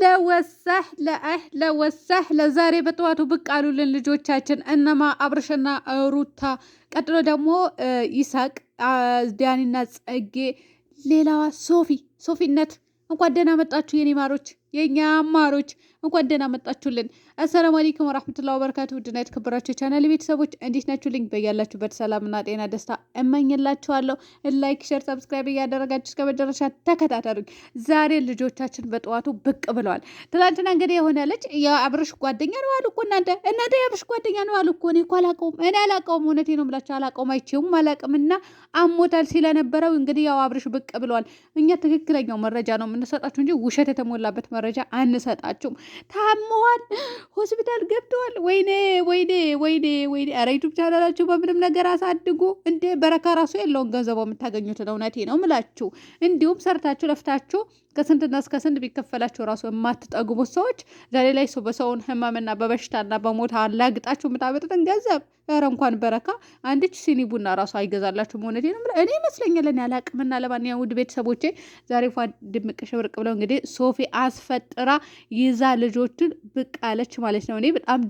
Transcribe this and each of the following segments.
ለወሳህ ለአህ ለወሳህ ለዛሬ በጠዋቱ ብቅ አሉልን ልጆቻችን እነማ አብርሽና ሩታ፣ ቀጥሎ ደግሞ ይሳቅ፣ ዳኒና ጸጌ፣ ሌላዋ ሶፊ ሶፊነት። እንኳን ደህና መጣችሁ የኔ ማሮች። የእኛ አማሮች እንኳን ደህና መጣችሁልን። አሰላሙ አለይኩም ወራህመቱላሂ ወበረካቱ። ውድና የተከበራችሁ ቻናል ቤተሰቦች እንዴት ናችሁ? ሊንክ በያላችሁበት ሰላምና ጤና ደስታ እመኝላችኋለሁ። ላይክ፣ ሼር፣ ሰብስክራይብ እያደረጋችሁ እስከ መጨረሻ ተከታተሉኝ። ዛሬ ልጆቻችን በጠዋቱ ብቅ ብለዋል። ትላንትና እንግዲህ የሆነ ልጅ የአብርሽ ጓደኛ ነው አሉ እኮ እናንተ እናንተ የአብርሽ ጓደኛ ነው አሉ እኮ። እኔ እኮ አላውቀውም፣ እኔ አላውቀውም። እውነቴ ነው ብላችሁ አላውቀውም፣ አይቼውም አላውቅም። እና አሞታል ስለነበረው እንግዲህ ያው አብርሽ ብቅ ብለዋል። እኛ ትክክለኛው መረጃ ነው የምንሰጣችሁ እንጂ ውሸት የተሞላበት መረጃ አንሰጣችሁም። ታመዋል፣ ሆስፒታል ገብተዋል። ወይኔ ወይኔ ወይኔ ወይኔ! ኧረ ዩቱብ ቻናላችሁ በምንም ነገር አሳድጉ እንዴ! በረካ ራሱ የለውን ገንዘቡ የምታገኙትን እውነቴ ነው ምላችሁ። እንዲሁም ሰርታችሁ ለፍታችሁ ከስንትና እስከ ስንት ቢከፈላችሁ ራሱ የማትጠግቡት ሰዎች ዛሬ ላይ ሰው በሰውን ህመምና በበሽታና በሞት አላግጣችሁ የምታመጡትን ገንዘብ ኧረ እንኳን በረካ አንድች ሲኒ ቡና ራሱ አይገዛላችሁ። መሆነት ነው እኔ ይመስለኛለን ያለ አቅምና። ለማንኛውም ውድ ቤተሰቦቼ ዛሬ ፏ ድምቅ ሽብርቅ ብለው እንግዲህ ሶፊ አስ ፈጥራ ይዛ ልጆችን ብቅ አለች ማለት ነው። እኔ በጣም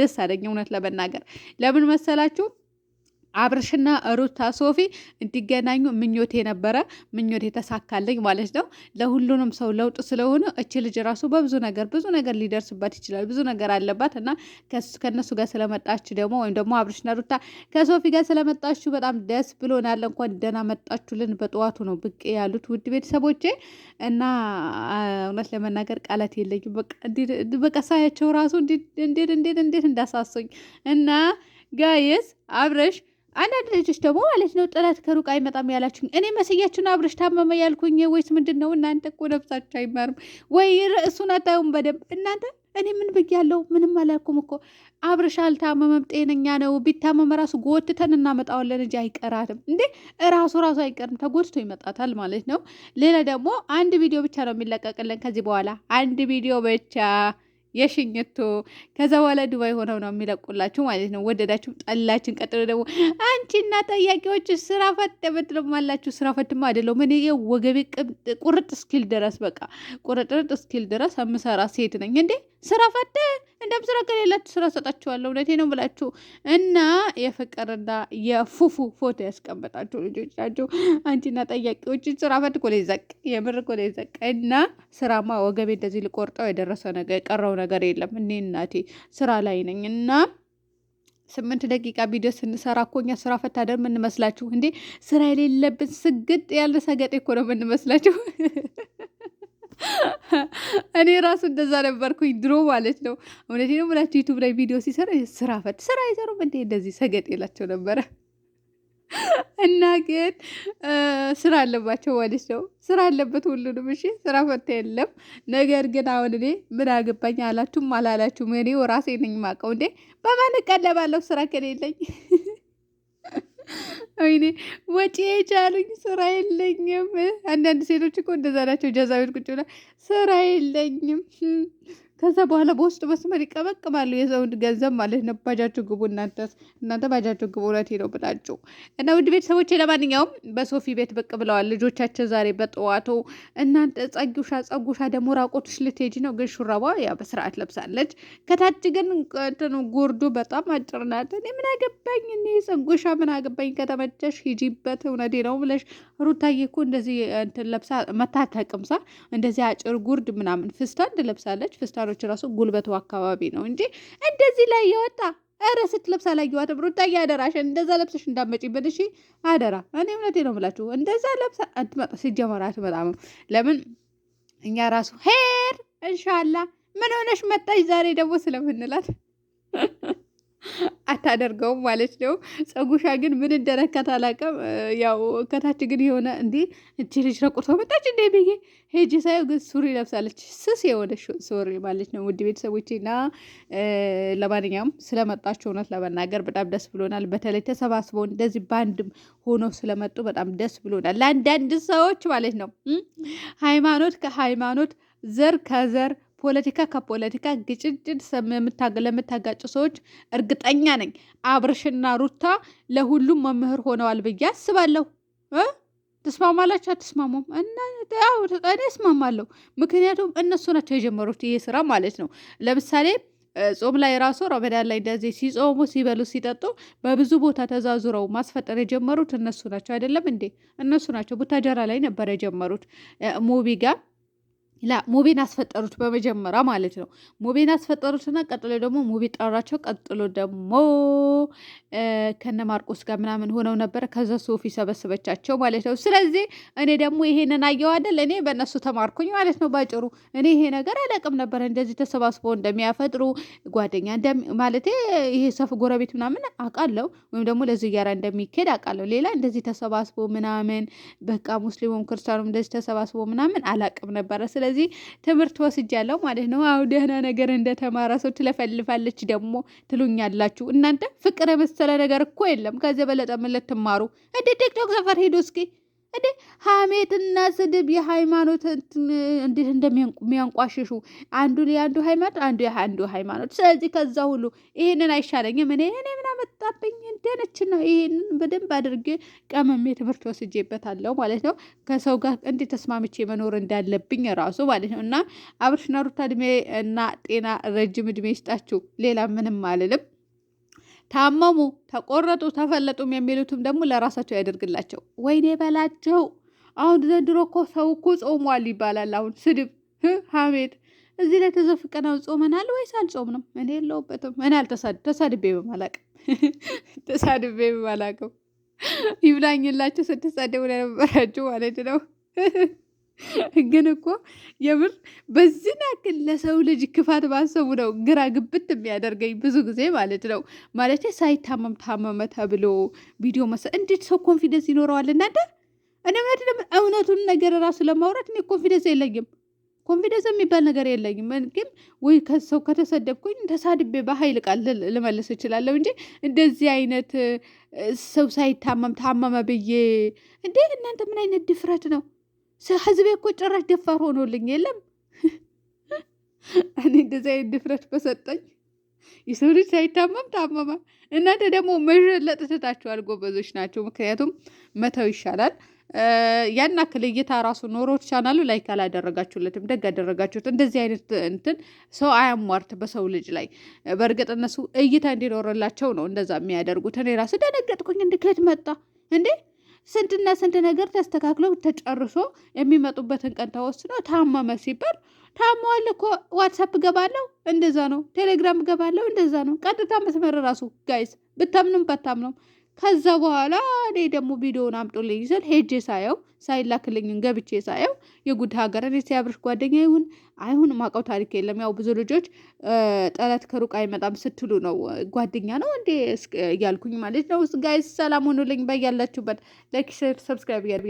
ደስ አለኝ እውነት ለመናገር ለምን መሰላችሁ? አብርሽና ሩታ ሶፊ እንዲገናኙ ምኞቴ ነበረ። ምኞቴ ተሳካለኝ ማለት ነው። ለሁሉንም ሰው ለውጥ ስለሆነ እች ልጅ ራሱ በብዙ ነገር ብዙ ነገር ሊደርስባት ይችላል። ብዙ ነገር አለባት እና ከእነሱ ጋር ስለመጣችሁ ደግሞ ወይም ደግሞ አብርሽና ሩታ ከሶፊ ጋር ስለመጣችሁ በጣም ደስ ብሎናል። እንኳን ደህና መጣችሁልን። በጠዋቱ ነው ብቅ ያሉት ውድ ቤተሰቦቼ እና እውነት ለመናገር ቃላት የለኝም። በቃ ሳያቸው ራሱ እንዴት እንዴት እንዴት እንዳሳሰኝ እና ጋይስ አብረሽ አንዳንድ ልጆች ደግሞ ማለት ነው ጠላት ከሩቅ አይመጣም ያላችሁኝ፣ እኔ መስያችሁን አብረሽ ታመመ ያልኩኝ ወይስ ምንድን ነው? እናንተ እኮ ነብሳችሁ አይማርም ወይ? ርዕሱን አታዩም በደንብ እናንተ። እኔ ምን ብያለሁ? ምንም አላልኩም እኮ አብረሽ አልታመመም፣ ጤነኛ ነው። ቢታመመ ራሱ ጎትተን እናመጣዋለን እንጂ አይቀራትም እንዴ! ራሱ ራሱ አይቀርም፣ ተጎድቶ ይመጣታል ማለት ነው። ሌላ ደግሞ አንድ ቪዲዮ ብቻ ነው የሚለቀቅልን ከዚህ በኋላ አንድ ቪዲዮ ብቻ የሽኝቶ ከዛ በኋላ ዱባይ ሆነው ነው የሚለቁላችሁ ማለት ነው። ወደዳችሁ ጠላችን። ቀጥሎ ደግሞ አንቺና ጠያቂዎች ስራ ፈት በትለማላችሁ። ስራ ፈትማ አይደለሁም እኔ ወገቤ ቁርጥ እስኪል ድረስ በቃ ቁርጥርጥ እስኪል ድረስ የምሰራ ሴት ነኝ እንዴ ስራ ፈደ እንደም ስራ ከሌላችሁ ስራ ሰጣችኋለሁ። እውነቴ ነው ብላችሁ እና የፍቅርና የፉፉ ፎቶ ያስቀመጣችሁ ናቸው። አንቺና ጠያቂዎች ስራ ፈድ ኮሌ ዘቅ የምር ኮሌ ዘቅ እና ስራማ ወገቤ እንደዚህ ልቆርጠው የደረሰ ነገር የቀረው ነገር የለም። እኔ እናቴ ስራ ላይ ነኝ እና ስምንት ደቂቃ ቪዲዮ ስንሰራ እኮ እኛ ስራ ፈት አይደል የምንመስላችሁ እንዴ? ስራ የሌለብን ስግጥ ያለ ሰገጤ እኮ ነው የምንመስላችሁ። እኔ ራሱ እንደዛ ነበርኩኝ ድሮ ማለት ነው። እውነቴ ነው ብላችሁ ዩቱብ ላይ ቪዲዮ ሲሰራ ስራ ፈት ስራ አይሰሩም እንዴ? እንደዚህ ሰገጥ የላቸው ነበረ እና ግን ስራ አለባቸው ማለት ነው። ስራ አለበት ሁሉንም። እሺ ስራ ፈት የለም። ነገር ግን አሁን እኔ ምን አገባኝ አላችሁም አላላችሁም፣ እኔ ራሴ ነኝ ማቀው እንዴ። በማን ስራ ከሌለኝ ወይኔ ወጪ ቻለኝ፣ ስራ የለኝም። አንዳንድ ሴቶች እኮ እንደዛ ናቸው። ጃዛቤት ቁጭ ብላ ስራ የለኝም ከዛ በኋላ በውስጡ መስመር ይቀበቅባሉ የሰውን ገንዘብ ማለት ነው። ባጃችሁ ግቡ እናንተስ እናንተ ባጃችሁ ግቡ። እውነቴን ነው ብላችሁ እና ውድ ቤተሰቦች፣ ለማንኛውም በሶፊ ቤት ብቅ ብለዋል ልጆቻቸው ዛሬ በጠዋቱ። እናንተ ጸጉሻ ጸጉሻ ደግሞ ራቆትሽ ልትሄጂ ነው፣ ግን ሹራቧ ያ በስርዓት ለብሳለች። ከታች ግን እንትኑ ጉርዱ በጣም አጭር ናት። እኔ ምን አገባኝ እኔ ጸጉሻ ምን አገባኝ። ከተመቸሽ ሂጂበት። እውነቴ ነው ብለሽ ሩታዬ እኮ እንደዚህ እንትን ለብሳ መታተቅምሳ እንደዚህ አጭር ጉርድ ምናምን ፍስታ እንድ ለብሳለች ፍስታ ተግባሮች ራሱ ጉልበቱ አካባቢ ነው እንጂ እንደዚህ ላይ የወጣ ኧረ ስትለብስ አላየኋትም። ሩታዬ አደራሽን እንደዛ ለብሰሽ እንዳትመጪብን እሺ፣ አደራ። እኔ እምነቴ ነው የምላችሁ እንደዛ ለብሳ አትመጣ፣ ሲጀመር አትመጣም። ለምን እኛ ራሱ ሄር እንሻላ ምን ሆነሽ መጣሽ ዛሬ ደግሞ ስለምንላት አታደርገውም ማለት ነው። ፀጉሻ ግን ምን እንደነካት አላውቅም። ያው ከታች ግን የሆነ እንዲ እቺ ልጅ ረቁርቶ መጣች እንዴ ብዬ ሄጅ ሳየው ግን ሱሪ ለብሳለች፣ ስስ የሆነ ሱሪ ማለት ነው። ውድ ቤተሰቦቼ እና ለማንኛውም ስለመጣችሁ እውነት ለመናገር በጣም ደስ ብሎናል። በተለይ ተሰባስበው እንደዚህ በአንድ ሆኖ ስለመጡ በጣም ደስ ብሎናል። ለአንዳንድ ሰዎች ማለት ነው ሃይማኖት ከሃይማኖት ዘር ከዘር ፖለቲካ ከፖለቲካ ግጭጭድ ለምታጋጩ ሰዎች እርግጠኛ ነኝ አብርሽና ሩታ ለሁሉም መምህር ሆነዋል ብዬ አስባለሁ። ተስማማላችሁ? አትስማሙም? እኔ እስማማለሁ። ምክንያቱም እነሱ ናቸው የጀመሩት ይሄ ስራ ማለት ነው። ለምሳሌ ጾም ላይ ራሱ ረመዳን ላይ እንደዚህ ሲጾሙ ሲበሉ ሲጠጡ በብዙ ቦታ ተዛዙረው ማስፈጠር የጀመሩት እነሱ ናቸው። አይደለም እንዴ? እነሱ ናቸው። ቡታጀራ ላይ ነበር የጀመሩት ሙቢ ጋር ላ ሙቤን አስፈጠሩት በመጀመሪያ ማለት ነው። ሙቤን አስፈጠሩትና ቀጥሎ ደግሞ ሙቤ ጠራቸው። ቀጥሎ ደግሞ ከነ ማርቆስ ጋር ምናምን ሆነው ነበረ። ከዛ ሶፊ ሰበስበቻቸው ማለት ነው። ስለዚህ እኔ ደግሞ ይሄንን አየው አይደል? እኔ በእነሱ ተማርኩኝ ማለት ነው። ባጭሩ እኔ ይሄ ነገር አላቅም ነበር፣ እንደዚህ ተሰባስበው እንደሚያፈጥሩ ጓደኛ ማለት ይሄ ሰፍ ጎረቤት ምናምን አውቃለሁ፣ ወይም ደግሞ ለዝያራ እንደሚካሄድ አውቃለሁ። ሌላ እንደዚህ ተሰባስቦ ምናምን በቃ ሙስሊሙም ክርስቲያኑም እንደዚህ ተሰባስቦ ምናምን አላቅም ነበረ። ስለዚህ ትምህርት ወስጃለሁ ማለት ነው። አዎ ደህና ነገር እንደተማረ ሰው ትለፈልፋለች ደግሞ ትሉኛላችሁ እናንተ። ፍቅር የመሰለ ነገር እኮ የለም። ከዚህ በለጠ ምን ልትማሩ እንደ ቲክቶክ ሰፈር ሂዱ እስኪ እንዴ ሀሜትና ስድብ የሃይማኖት እንዴት እንደሚያንቋሽሹ አንዱ የአንዱ ሃይማኖት አንዱ የአንዱ ሃይማኖት። ስለዚህ ከዛ ሁሉ ይህንን አይሻለኝም እኔ እኔ ምን አመጣብኝ እንደነች ነው። ይህንን በደንብ አድርጌ ቀመሜ ትምህርት ወስጄበታለሁ ማለት ነው። ከሰው ጋር እንዴት ተስማምቼ መኖር እንዳለብኝ ራሱ ማለት ነው። እና አብርሽና ሩታ እድሜ እና ጤና ረጅም እድሜ ይስጣችሁ። ሌላ ምንም አልልም። ታመሙ፣ ተቆረጡ፣ ተፈለጡም የሚሉትም ደግሞ ለራሳቸው ያደርግላቸው። ወይኔ በላቸው። አሁን ዘንድሮ እኮ ሰው እኮ ጾሟል ይባላል። አሁን ስድብ ሀሜት እዚህ ላይ ተዘፍቀናው ጾመናል ወይስ አልጾምንም? እኔ የለውበትም። እኔ ተሳድቤ በማላቅም ተሳድቤ በማላቅም ይብላኝላቸው ስትሳደቡ ጸደ ማለት ነው። ግን እኮ የምር በዚህ ያክል ለሰው ልጅ ክፋት ማሰቡ ነው ግራ ግብት የሚያደርገኝ ብዙ ጊዜ ማለት ነው። ማለት ሳይታመም ታመመ ተብሎ ቪዲዮ መሰ እንዴት ሰው ኮንፊደንስ ይኖረዋል? እናንተ እኔ እውነቱን ነገር ራሱ ለማውራት እኔ ኮንፊደንስ የለኝም። ኮንፊደንስ የሚባል ነገር የለኝም። ግን ወይ ከሰው ከተሰደብኩኝ ተሳድቤ በሀይል ቃል ልመልስ እችላለሁ እንጂ እንደዚህ አይነት ሰው ሳይታመም ታመመ ብዬ እንዴ! እናንተ ምን አይነት ድፍረት ነው? ህዝቤ እኮ ጭራሽ ደፋር ሆኖልኝ የለም። እኔ እንደዚ አይነት ድፍረት በሰጠኝ የሰው ልጅ ሳይታመም ታመመ። እናንተ ደግሞ መዠለጥ ትታችኋል። ጎበዞች ናቸው። ምክንያቱም መተው ይሻላል። ያን አክል እይታ ራሱ ኖሮ ቻናሉ ላይክ አላደረጋችሁለትም። ደግ ያደረጋችሁት። እንደዚህ አይነት እንትን ሰው አያሟርት በሰው ልጅ ላይ። በእርግጥ እነሱ እይታ እንዲኖረላቸው ነው እንደዛ የሚያደርጉት። እኔ ራሱ ደነገጥኩኝ። እንድክለት መጣ እንዴ ስንትና ስንት ነገር ተስተካክሎ ተጨርሶ የሚመጡበትን ቀን ተወስኖ ታመመ ሲባል ታመዋል እኮ ዋትሳፕ ገባለሁ፣ እንደዛ ነው። ቴሌግራም ገባለሁ፣ እንደዛ ነው። ቀጥታ መስመር ራሱ ጋይስ ብታምኑም በታምኑም ከዛ በኋላ እኔ ደግሞ ቪዲዮውን አምጦልኝ ስል ሄጄ ሳየው ሳይላክልኝን ገብቼ ሳየው የጉድ ሀገር እኔ ሲያብርሽ ጓደኛ ይሁን አይሁን ማቀው ታሪክ የለም። ያው ብዙ ልጆች ጠላት ከሩቅ አይመጣም ስትሉ ነው ጓደኛ ነው እንዴ እያልኩኝ ማለት ነው። ጋይስ ሰላም ሁኑልኝ በያላችሁበት። ላይክ ሰብስክራይብ